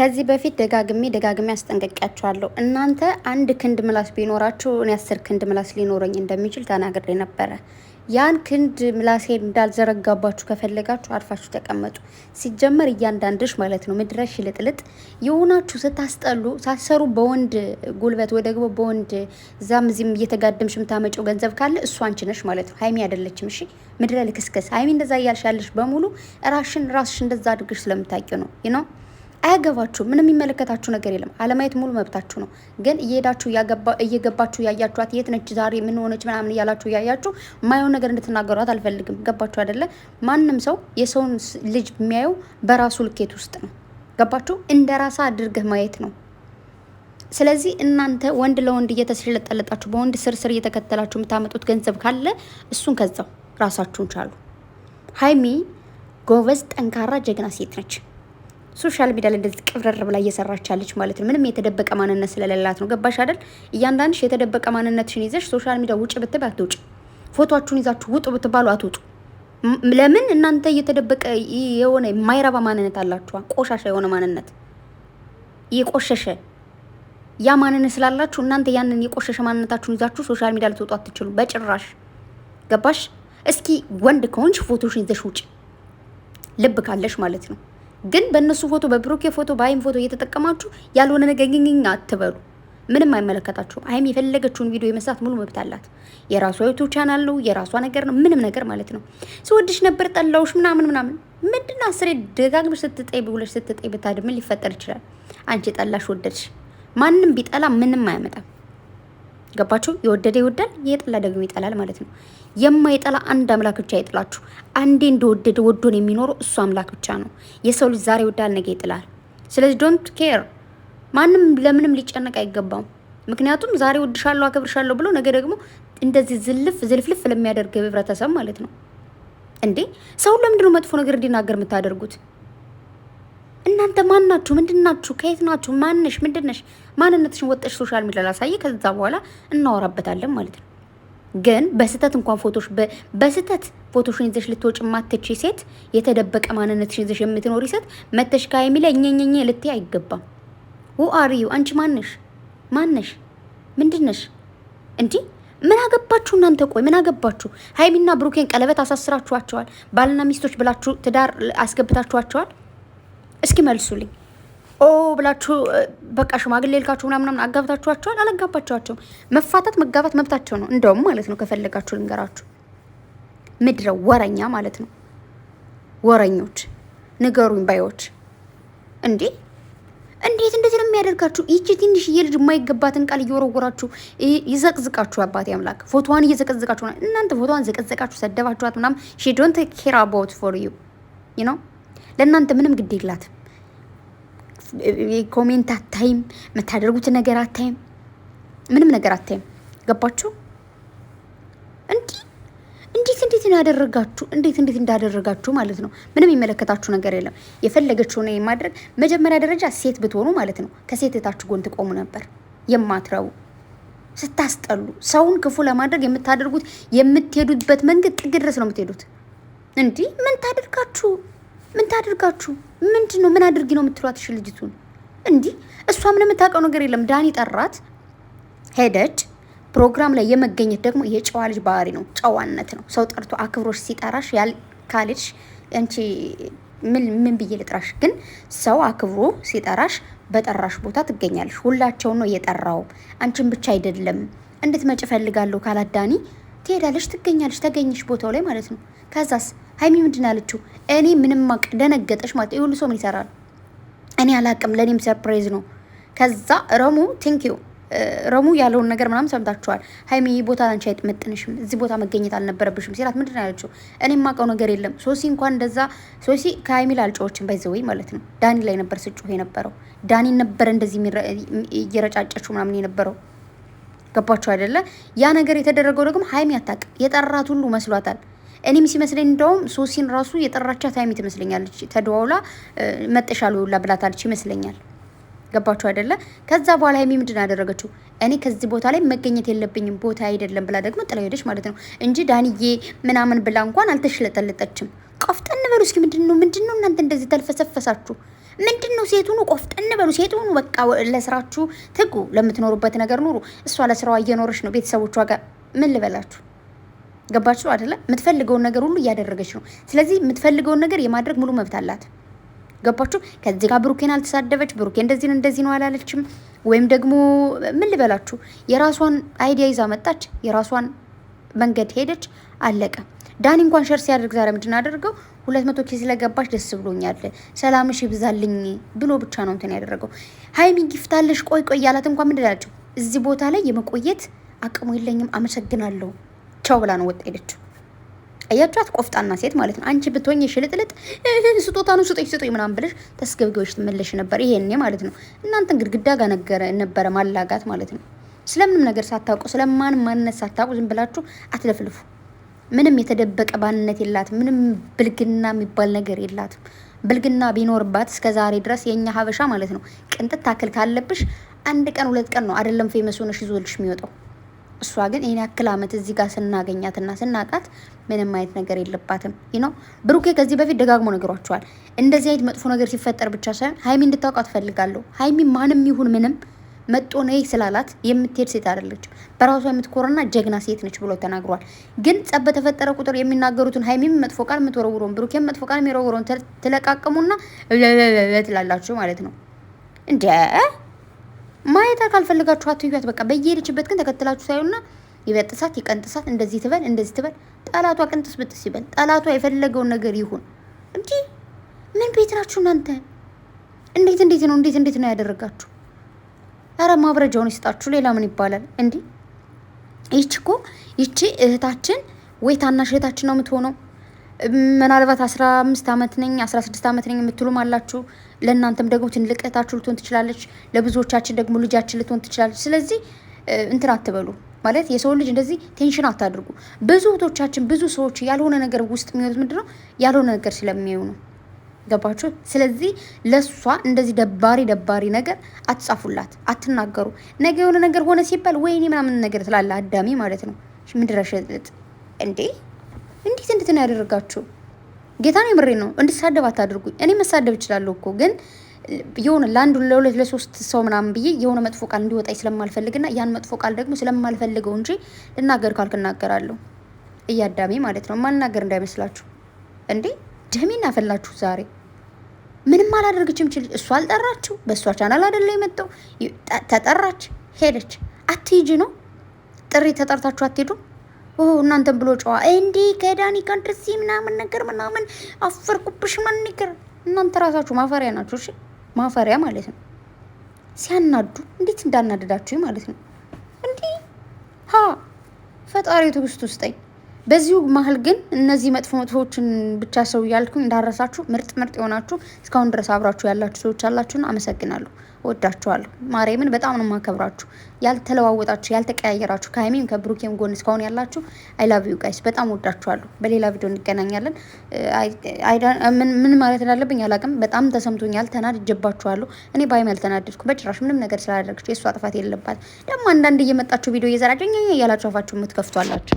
ከዚህ በፊት ደጋግሜ ደጋግሜ አስጠንቀቂያችኋለሁ። እናንተ አንድ ክንድ ምላስ ቢኖራችሁ እኔ አስር ክንድ ምላስ ሊኖረኝ እንደሚችል ተናግሬ ነበረ። ያን ክንድ ምላሴ እንዳልዘረጋባችሁ ከፈለጋችሁ አርፋችሁ ተቀመጡ። ሲጀመር እያንዳንድሽ ማለት ነው ምድረሽ ልጥልጥ የሆናችሁ ስታስጠሉ ሳሰሩ በወንድ ጉልበት ወይ ደግሞ በወንድ ዛም ዚም እየተጋደምሽ የምታመጪው ገንዘብ ካለ እሱ አንቺ ነሽ ማለት ነው። ሀይሚ አይደለችም። እሺ ምድረ ልክስክስ ሀይሚ እንደዛ እያልሻለሽ በሙሉ ራሽን ራስሽ እንደዛ አድርግሽ ስለምታውቂው ነው ነው አያገባችሁ ምንም የሚመለከታችሁ ነገር የለም። አለማየት ሙሉ መብታችሁ ነው። ግን እየሄዳችሁ እየገባችሁ ያያችኋት የት ነች ዛሬ ምን ሆነች ምናምን እያላችሁ እያያችሁ ማየውን ነገር እንድትናገሯት አልፈልግም። ገባችሁ አይደለ? ማንም ሰው የሰውን ልጅ የሚያየው በራሱ ልኬት ውስጥ ነው። ገባችሁ? እንደ ራሳ አድርገህ ማየት ነው። ስለዚህ እናንተ ወንድ ለወንድ እየተስለጠለጣችሁ በወንድ ስር ስር እየተከተላችሁ የምታመጡት ገንዘብ ካለ እሱን ከዛው ራሳችሁን ቻሉ። ሀይሚ ጎበዝ፣ ጠንካራ፣ ጀግና ሴት ነች። ሶሻል ሚዲያ ላይ እንደዚህ ቅብረር ብላ እየሰራች ያለች ማለት ነው። ምንም የተደበቀ ማንነት ስለሌላት ነው። ገባሽ አይደል? እያንዳንድሽ የተደበቀ ማንነትሽን ይዘሽ ሶሻል ሚዲያ ውጭ ብትብ አትውጭ። ፎቶችሁን ይዛችሁ ውጡ ብትባሉ አትውጡ። ለምን እናንተ እየተደበቀ የሆነ የማይረባ ማንነት አላችኋ። ቆሻሻ የሆነ ማንነት የቆሸሸ ያ ማንነት ስላላችሁ እናንተ ያንን የቆሸሸ ማንነታችሁን ይዛችሁ ሶሻል ሚዲያ ልትወጡ አትችሉ በጭራሽ። ገባሽ? እስኪ ወንድ ከሆንሽ ፎቶሽን ይዘሽ ውጭ ልብ ካለሽ ማለት ነው። ግን በእነሱ ፎቶ በብሩኬ ፎቶ በአይም ፎቶ እየተጠቀማችሁ ያልሆነ ነገኝኝ አትበሉ። ምንም አይመለከታችሁም። አይም የፈለገችውን ቪዲዮ የመስራት ሙሉ መብት አላት። የራሷ ዩቱብ ቻናል ነው፣ የራሷ ነገር ነው፣ ምንም ነገር ማለት ነው። ስወድሽ ነበር ጠላውሽ ምናምን ምናምን ምንድን አስሬ ደጋግመሽ ስትጠይ ብውለሽ ስትጠይ ብታድምን ሊፈጠር ይችላል። አንቺ ጠላሽ ወደድሽ፣ ማንም ቢጠላ ምንም አያመጣም። ገባችሁ? የወደደ ይወዳል፣ የጠላ ደግሞ ይጠላል ማለት ነው። የማይጠላ አንድ አምላክ ብቻ አይጥላችሁ። አንዴ እንደወደደ ወዶን የሚኖረው እሱ አምላክ ብቻ ነው። የሰው ልጅ ዛሬ ይወዳል፣ ነገ ይጥላል። ስለዚህ ዶንት ኬር፣ ማንም ለምንም ሊጨነቅ አይገባም። ምክንያቱም ዛሬ ወድሻለሁ፣ አከብርሻለሁ ብሎ ነገ ደግሞ እንደዚህ ዝልፍ ዝልፍልፍ ለሚያደርግ ህብረተሰብ ማለት ነው። እንዴ ሰውን ለምንድነው መጥፎ ነገር እንዲናገር የምታደርጉት? እናንተ ማን ናችሁ? ምንድን ናችሁ? ከየት ናችሁ? ማንሽ? ምንድነሽ? ማንነትሽን ወጠሽ ሶሻል ሚዲያ ላሳየ፣ ከዛ በኋላ እናወራበታለን ማለት ነው። ግን በስተት እንኳን ፎቶሽ በስተት ፎቶሽን ይዘሽ ልትወጪ ማትቺ ሴት፣ የተደበቀ ማንነትሽን ይዘሽ የምትኖር ሴት መተሽ ከሀይሚ ላይ እኘኘኘ ልትይ አይገባም። ሁ አር ዩ አንቺ ማንሽ? ማንሽ? ምንድነሽ? እንዲህ ምን አገባችሁ እናንተ? ቆይ ምን አገባችሁ? ሀይሚና ብሩኬን ቀለበት አሳስራችኋቸዋል። ባልና ሚስቶች ብላችሁ ትዳር አስገብታችኋቸዋል። እስኪ መልሱልኝ። ኦ ብላችሁ በቃ ሽማግሌ ልካችሁ ምናምናምን አጋብታችኋቸዋል? አላጋባችኋቸውም። መፋታት መጋባት መብታቸው ነው። እንደውም ማለት ነው ከፈለጋችሁ ልንገራችሁ፣ ምድረ ወረኛ ማለት ነው ወረኞች፣ ንገሩኝ ባዮች። እንዴ እንዴት እንደዚህ ነው የሚያደርጋችሁ? ይቺ ትንሽዬ ልጅ የማይገባትን ቃል እየወረወራችሁ ይዘቅዝቃችሁ፣ አባቴ አምላክ ፎቶዋን እየዘቀዝቃችሁ እናንተ ፎቶዋን ዘቀዘቃችሁ፣ ሰደባችኋት ምናምን ዶንት ኬር አባውት ፎር ዩ ዩ ነው ለእናንተ ምንም ግድ የላትም። ኮሜንት አታይም፣ የምታደርጉት ነገር አታይም፣ ምንም ነገር አታይም። ገባችሁ? እንዴት እንዴት እንዳደረጋችሁ እንዴት እንዴት እንዳደረጋችሁ ማለት ነው። ምንም የሚመለከታችሁ ነገር የለም። የፈለገችው ነው የማድረግ። መጀመሪያ ደረጃ ሴት ብትሆኑ ማለት ነው ከሴት እህታችሁ ጎን ትቆሙ ነበር። የማትረቡ ስታስጠሉ፣ ሰውን ክፉ ለማድረግ የምታደርጉት የምትሄዱበት መንገድ ጥግ ድረስ ነው የምትሄዱት። እንዲህ ምን ታደርጋችሁ? ምን ታደርጋችሁ? ምንድን ነው ምን አድርጊ ነው የምትሏት? እሺ ልጅቱን እንዲህ እሷ ምን የምታውቀው ነገር የለም። ዳኒ ጠራት፣ ሄደች። ፕሮግራም ላይ የመገኘት ደግሞ የጨዋ ልጅ ባህሪ ነው፣ ጨዋነት ነው። ሰው ጠርቶ አክብሮች ሲጠራሽ ያል ካልሽ ምን ምን ብዬ ልጥራሽ? ግን ሰው አክብሮ ሲጠራሽ በጠራሽ ቦታ ትገኛለሽ። ሁላቸውን ነው እየጠራው፣ አንቺን ብቻ አይደለም። እንድትመጭ ፈልጋለሁ ካላት ዳኒ ትሄዳለሽ፣ ትገኛለሽ፣ ተገኝሽ ቦታው ላይ ማለት ነው። ከዛስ ሀይሚ ምንድን ያለችው? እኔ ምንም ማቅ ደነገጠች ማለት የሁሉ ሰው ምን ይሰራል? እኔ አላቅም፣ ለእኔም ሰርፕራይዝ ነው። ከዛ ረሙ ቴንክ ዩ ረሙ ያለውን ነገር ምናምን ሰምታችኋል። ሀይሚ ይህ ቦታ አንቺ አይመጥንሽም፣ እዚህ ቦታ መገኘት አልነበረብሽም ሲላት ምንድን ያለችው? እኔ የማውቀው ነገር የለም። ሶሲ እንኳን እንደዛ ሶሲ ከሀይሚ ላልጮዎችን ባይዘወይ ማለት ነው ዳኒ ላይ ነበር ስጮህ የነበረው ዳኒ ነበረ እንደዚህ እየረጫጨችው ምናምን የነበረው ገባችሁ አይደለ? ያ ነገር የተደረገው ደግሞ ሀይሚ አታውቅም። የጠራት ሁሉ መስሏታል። እኔም ሲመስለኝ እንደውም ሶሲን ራሱ የጠራቻት ሀይሚ ትመስለኛለች። ተደዋውላ መጠሻል ሁላ ብላታለች ይመስለኛል። ገባችሁ አይደለ? ከዛ በኋላ ሀይሚ ምንድን አደረገችው? እኔ ከዚህ ቦታ ላይ መገኘት የለብኝም ቦታ አይደለም ብላ ደግሞ ጥላ ሄደች ማለት ነው እንጂ ዳንዬ ምናምን ብላ እንኳን አልተሽለጠለጠችም። ቆፍጠን በሉ እስኪ። ምንድን ነው ምንድን ነው እናንተ እንደዚህ ተልፈሰፈሳችሁ? ምንድን ነው ሴቱኑ? ቆፍጠን በሉ ሴቱኑ። በቃ ለስራችሁ ትጉ፣ ለምትኖሩበት ነገር ኑሩ። እሷ ለስራዋ እየኖረች ነው ቤተሰቦቿ ጋር ምን ልበላችሁ ገባችሁ አደለ? የምትፈልገውን ነገር ሁሉ እያደረገች ነው። ስለዚህ የምትፈልገውን ነገር የማድረግ ሙሉ መብት አላት። ገባችሁ? ከዚህ ጋር ብሩኬን አልተሳደበች፣ ብሩኬ እንደዚህ እንደዚህ ነው አላለችም። ወይም ደግሞ ምን ልበላችሁ፣ የራሷን አይዲያ ይዛ መጣች፣ የራሷን መንገድ ሄደች፣ አለቀ። ዳኒ እንኳን ሸር ሲያደርግ ዛሬ ምንድን አደርገው ሁለት መቶ ኬ ስለገባች ደስ ብሎኛል፣ ሰላምሽ ይብዛልኝ ብሎ ብቻ ነው እንትን ያደረገው። ሀይሚ ጊፍታለሽ ቆይ ቆይ ያላት እንኳን ምንድላቸው እዚህ ቦታ ላይ የመቆየት አቅሙ የለኝም አመሰግናለሁ ቻው ብላ ነው ወጣ ሄደችው። አያችኋት? ቆፍጣና ሴት ማለት ነው። አንቺ ብትሆኝ ሽልጥልጥ ስጦታ ነው ስጦኝ ስጦኝ ምናምን ብለሽ ተስገብገሽ ትመለሽ ነበር። ይሄኔ ማለት ነው እናንተን ግድግዳ ጋር ነገር ነበረ ማላጋት ማለት ነው። ስለምንም ነገር ሳታውቁ ስለማንም ማንነት ሳታውቁ ዝም ብላችሁ አትለፍልፉ። ምንም የተደበቀ ባንነት የላትም። ምንም ብልግና የሚባል ነገር የላትም። ብልግና ቢኖርባት እስከ ዛሬ ድረስ የእኛ ሀበሻ ማለት ነው ቅንጥት ታክል ካለብሽ አንድ ቀን ሁለት ቀን ነው አይደለም ፌመስ ሆነሽ ይዞልሽ የሚወጣው እሷ ግን ይህን ያክል አመት እዚህ ጋር ስናገኛትና ስናቃት ምንም አይነት ነገር የለባትም። ይህ ነው ብሩኬ። ከዚህ በፊት ደጋግሞ ነግሯቸዋል። እንደዚህ አይነት መጥፎ ነገር ሲፈጠር ብቻ ሳይሆን ሀይሚ እንድታውቃ ትፈልጋለሁ። ሀይሚ ማንም ይሁን ምንም መጦ ነይ ስላላት የምትሄድ ሴት አይደለችም። በራሷ የምትኮረና ጀግና ሴት ነች ብሎ ተናግሯል። ግን ጸብ በተፈጠረ ቁጥር የሚናገሩትን ሀይሚም መጥፎ ቃል የምትወረውረውን ብሩኬም መጥፎ ቃል የሚወረውረውን ትለቃቅሙና ትላላችሁ ማለት ነው እንደ ማየት ካልፈልጋችሁ አትዩያት። በቃ በየሄደችበት ግን ተከትላችሁ ሳይሆንና ይበጥሳት ይቀንጥሳት፣ እንደዚህ ትበል፣ እንደዚህ ትበል። ጠላቷ ቅንጥስ ብጥስ ይበል። ጠላቷ የፈለገውን ነገር ይሁን እንጂ ምን ቤት ናችሁ እናንተ? እንዴት እንዴት ነው እንዴት እንዴት ነው ያደረጋችሁ? አረ ማብረጃውን ይስጣችሁ። ሌላ ምን ይባላል? እንዲህ ይቺ እኮ ይቺ እህታችን ወይ ታናሽ እህታችን ነው የምትሆነው ምናልባት አስራ አምስት ዓመት ነኝ አስራ ስድስት ዓመት ነኝ የምትሉም አላችሁ። ለእናንተም ደግሞ ትልቅ እህታችሁ ልትሆን ትችላለች። ለብዙዎቻችን ደግሞ ልጃችን ልትሆን ትችላለች። ስለዚህ እንትን አትበሉ ማለት የሰው ልጅ እንደዚህ ቴንሽን አታድርጉ። ብዙ እህቶቻችን ብዙ ሰዎች ያልሆነ ነገር ውስጥ የሚሆኑት ምንድን ነው ያልሆነ ነገር ስለሚያዩ ነው። ገባችሁ? ስለዚህ ለእሷ እንደዚህ ደባሪ ደባሪ ነገር አትጻፉላት፣ አትናገሩ። ነገ የሆነ ነገር ሆነ ሲባል ወይኔ ምናምን ነገር ትላለ አዳሚ ማለት ነው ምድረሸጥ እንዴ እንዴት እንዴት ነው ያደረጋችሁ? ጌታ ነው የምሬ ነው። እንድሳደብ አታድርጉኝ። እኔ መሳደብ እችላለሁ እኮ ግን የሆነ ለአንዱ ለሁለት ለሶስት ሰው ምናምን ብዬ የሆነ መጥፎ ቃል እንዲወጣኝ ስለማልፈልግና ያን መጥፎ ቃል ደግሞ ስለማልፈልገው እንጂ ልናገር ካልክ እናገራለሁ። እያዳሜ ማለት ነው ማናገር እንዳይመስላችሁ እንዴ። ደሜ እናፈላችሁ ዛሬ ምንም አላደርግችም ችል እሱ አልጠራችሁ። በእሷ ቻናል አይደለ የመጣው ተጠራች ሄደች። አትሂጂ ነው ጥሪ ተጠርታችሁ አትሄዱም። እናንተን ብሎ ጨዋ እንዴ ከዳኒ ጋር እንደዚህ ምናምን ነገር ምናምን አፈርኩብሽ ማን ነገር እናንተ ራሳችሁ ማፈሪያ ናችሁ። እሺ ማፈሪያ ማለት ነው። ሲያናዱ እንዴት እንዳናደዳችሁ ማለት ነው። እንዲህ ሀ ፈጣሪ ትዕግስት ውስጠኝ በዚሁ መሀል ግን እነዚህ መጥፎ መጥፎዎችን ብቻ ሰው እያልኩኝ እንዳረሳችሁ ምርጥ ምርጥ የሆናችሁ እስካሁን ድረስ አብራችሁ ያላችሁ ሰዎች አላችሁን፣ አመሰግናለሁ። ወዳችኋለሁ። ማርያምን በጣም ነው የማከብራችሁ። ያልተለዋወጣችሁ፣ ያልተቀያየራችሁ ከሀይሚም ከብሩኬም ጎን እስካሁን ያላችሁ አይላቭ ዩ ጋይስ፣ በጣም ወዳችኋለሁ። በሌላ ቪዲዮ እንገናኛለን። ምን ማለት እንዳለብኝ አላቅም። በጣም ተሰምቶኛል። ተናድጄባችኋለሁ። እኔ ባይም ያልተናደድኩ በጭራሽ ምንም ነገር ስላደረግችሁ የእሷ ጥፋት የለባት። ደግሞ አንዳንድ እየመጣችሁ ቪዲዮ እየዘራጀኛ እያላችሁ አፋችሁ የምትከፍቷላችሁ